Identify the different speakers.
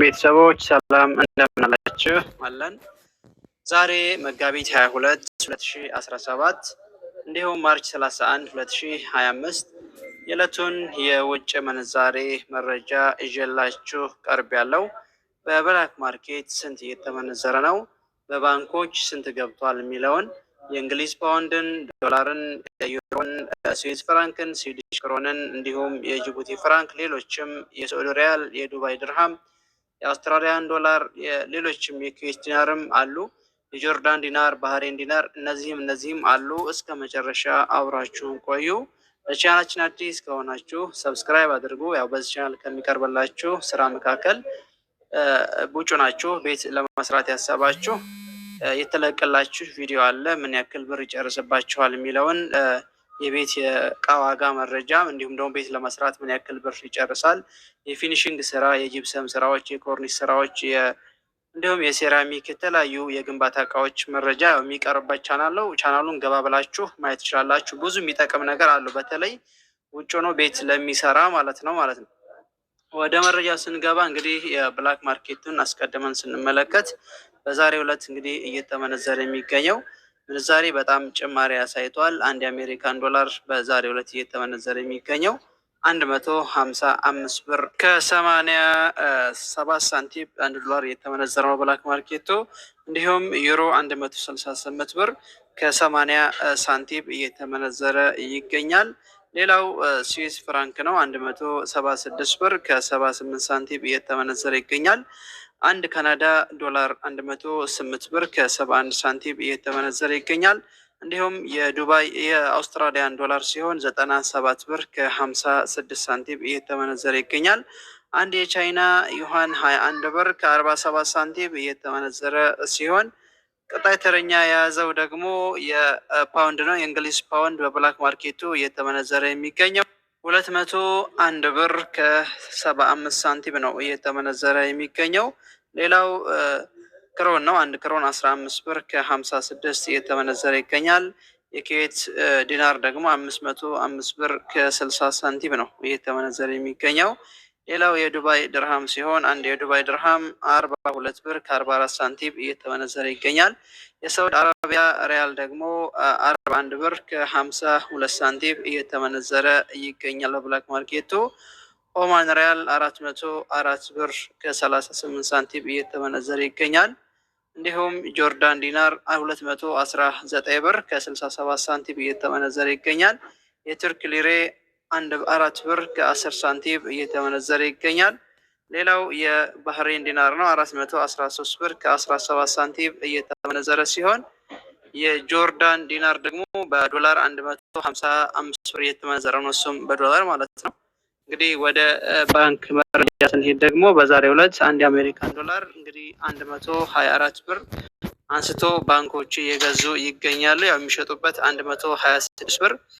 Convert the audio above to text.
Speaker 1: ቤተሰቦች ሰላም እንደምናላችሁ
Speaker 2: አለን። ዛሬ መጋቢት 22 2017 እንዲሁም ማርች 31 2025 የዕለቱን የውጭ ምንዛሬ መረጃ እዤላችሁ ቀርብ ያለው በብላክ ማርኬት ስንት እየተመነዘረ ነው፣ በባንኮች ስንት ገብቷል የሚለውን የእንግሊዝ ፓውንድን፣ ዶላርን፣ ዩሮን፣ ስዊዝ ፍራንክን፣ ስዊዲሽ ክሮንን እንዲሁም የጅቡቲ ፍራንክ፣ ሌሎችም የሳዑዲ ሪያል፣ የዱባይ ድርሃም የአውስትራሊያን ዶላር፣ ሌሎችም የኩዌት ዲናርም አሉ፣ የጆርዳን ዲናር፣ ባህሬን ዲናር እነዚህም እነዚህም አሉ። እስከ መጨረሻ አብራችሁን ቆዩ። ለቻናላችን አዲስ ከሆናችሁ ሰብስክራይብ አድርጉ። ያው በዚህ ቻናል ከሚቀርብላችሁ ስራ መካከል ቡጩ ናችሁ ቤት ለመስራት ያሰባችሁ የተለቀላችሁ ቪዲዮ አለ። ምን ያክል ብር ይጨርስባችኋል የሚለውን የቤት የእቃ ዋጋ መረጃ እንዲሁም ደግሞ ቤት ለመስራት ምን ያክል ብር ይጨርሳል፣ የፊኒሽንግ ስራ፣ የጂፕሰም ስራዎች፣ የኮርኒስ ስራዎች እንዲሁም የሴራሚክ የተለያዩ የግንባታ እቃዎች መረጃ የሚቀርብበት ቻናል ነው። ቻናሉን ገባ ብላችሁ ማየት ትችላላችሁ። ብዙ የሚጠቅም ነገር አለው። በተለይ ውጭ ሆኖ ቤት ለሚሰራ ማለት ነው ማለት ነው። ወደ መረጃ ስንገባ እንግዲህ የብላክ ማርኬቱን አስቀድመን ስንመለከት በዛሬው ዕለት እንግዲህ እየተመነዘረ የሚገኘው ምንዛሬ በጣም ጭማሪ አሳይቷል። አንድ የአሜሪካን ዶላር በዛሬው ዕለት እየተመነዘረ የሚገኘው አንድ መቶ ሀምሳ አምስት ብር ከሰማኒያ ሰባት ሳንቲም አንድ ዶላር የተመነዘረ ነው ብላክ ማርኬቱ። እንዲሁም ዩሮ አንድ መቶ ስልሳ ስምንት ብር ከሰማኒያ ሳንቲም እየተመነዘረ ይገኛል። ሌላው ስዊስ ፍራንክ ነው። አንድ መቶ ሰባ ስድስት ብር ከሰባ ስምንት ሳንቲም እየተመነዘረ ይገኛል። አንድ ካናዳ ዶላር 108 ብር ከ71 ሳንቲም እየተመነዘረ ይገኛል። እንዲሁም የዱባይ የአውስትራሊያን ዶላር ሲሆን 97 ብር ከ56 ሳንቲም እየተመነዘረ ይገኛል። አንድ የቻይና ዩሃን 21 ብር ከ47 ሳንቲም እየተመነዘረ ሲሆን ቀጣይ ተረኛ የያዘው ደግሞ የፓውንድ ነው። የእንግሊዝ ፓውንድ በብላክ ማርኬቱ እየተመነዘረ የሚገኘው ሁለት መቶ አንድ ብር ከሰባ አምስት ሳንቲም ነው እየተመነዘረ የሚገኘው። ሌላው ክሮን ነው። አንድ ክሮን አስራ አምስት ብር ከሀምሳ ስድስት እየተመነዘረ ይገኛል። የኩዌት ዲናር ደግሞ አምስት መቶ አምስት ብር ከስልሳ ሳንቲም ነው እየተመነዘረ የሚገኘው። ሌላው የዱባይ ድርሃም ሲሆን አንድ የዱባይ ድርሃም አርባ ሁለት ብር ከአርባ አራት ሳንቲም እየተመነዘረ ይገኛል። የሳውዲ አረቢያ ሪያል ደግሞ አርባ አንድ ብር ከሀምሳ ሁለት ሳንቲም እየተመነዘረ ይገኛል። በብላክ ማርኬቱ ኦማን ሪያል አራት መቶ አራት ብር ከሰላሳ ስምንት ሳንቲም እየተመነዘረ ይገኛል። እንዲሁም ጆርዳን ዲናር ሁለት መቶ አስራ ዘጠኝ ብር ከስልሳ ሰባት ሳንቲም እየተመነዘረ ይገኛል። የቱርክ ሊሬ አንድ አራት ብር ከአስር ሳንቲም እየተመነዘረ ይገኛል። ሌላው የባህሬን ዲናር ነው። አራት መቶ አስራ ሶስት ብር ከአስራ ሰባት ሳንቲም እየተመነዘረ ሲሆን የጆርዳን ዲናር ደግሞ በዶላር አንድ መቶ ሀምሳ አምስት ብር እየተመነዘረ ነው። እሱም በዶላር ማለት ነው። እንግዲህ ወደ ባንክ መረጃ ስንሄድ ደግሞ በዛሬው ዕለት አንድ የአሜሪካን ዶላር እንግዲህ አንድ መቶ ሀያ አራት ብር አንስቶ ባንኮች እየገዙ ይገኛሉ። ያው የሚሸጡበት አንድ መቶ ሀያ ስድስት ብር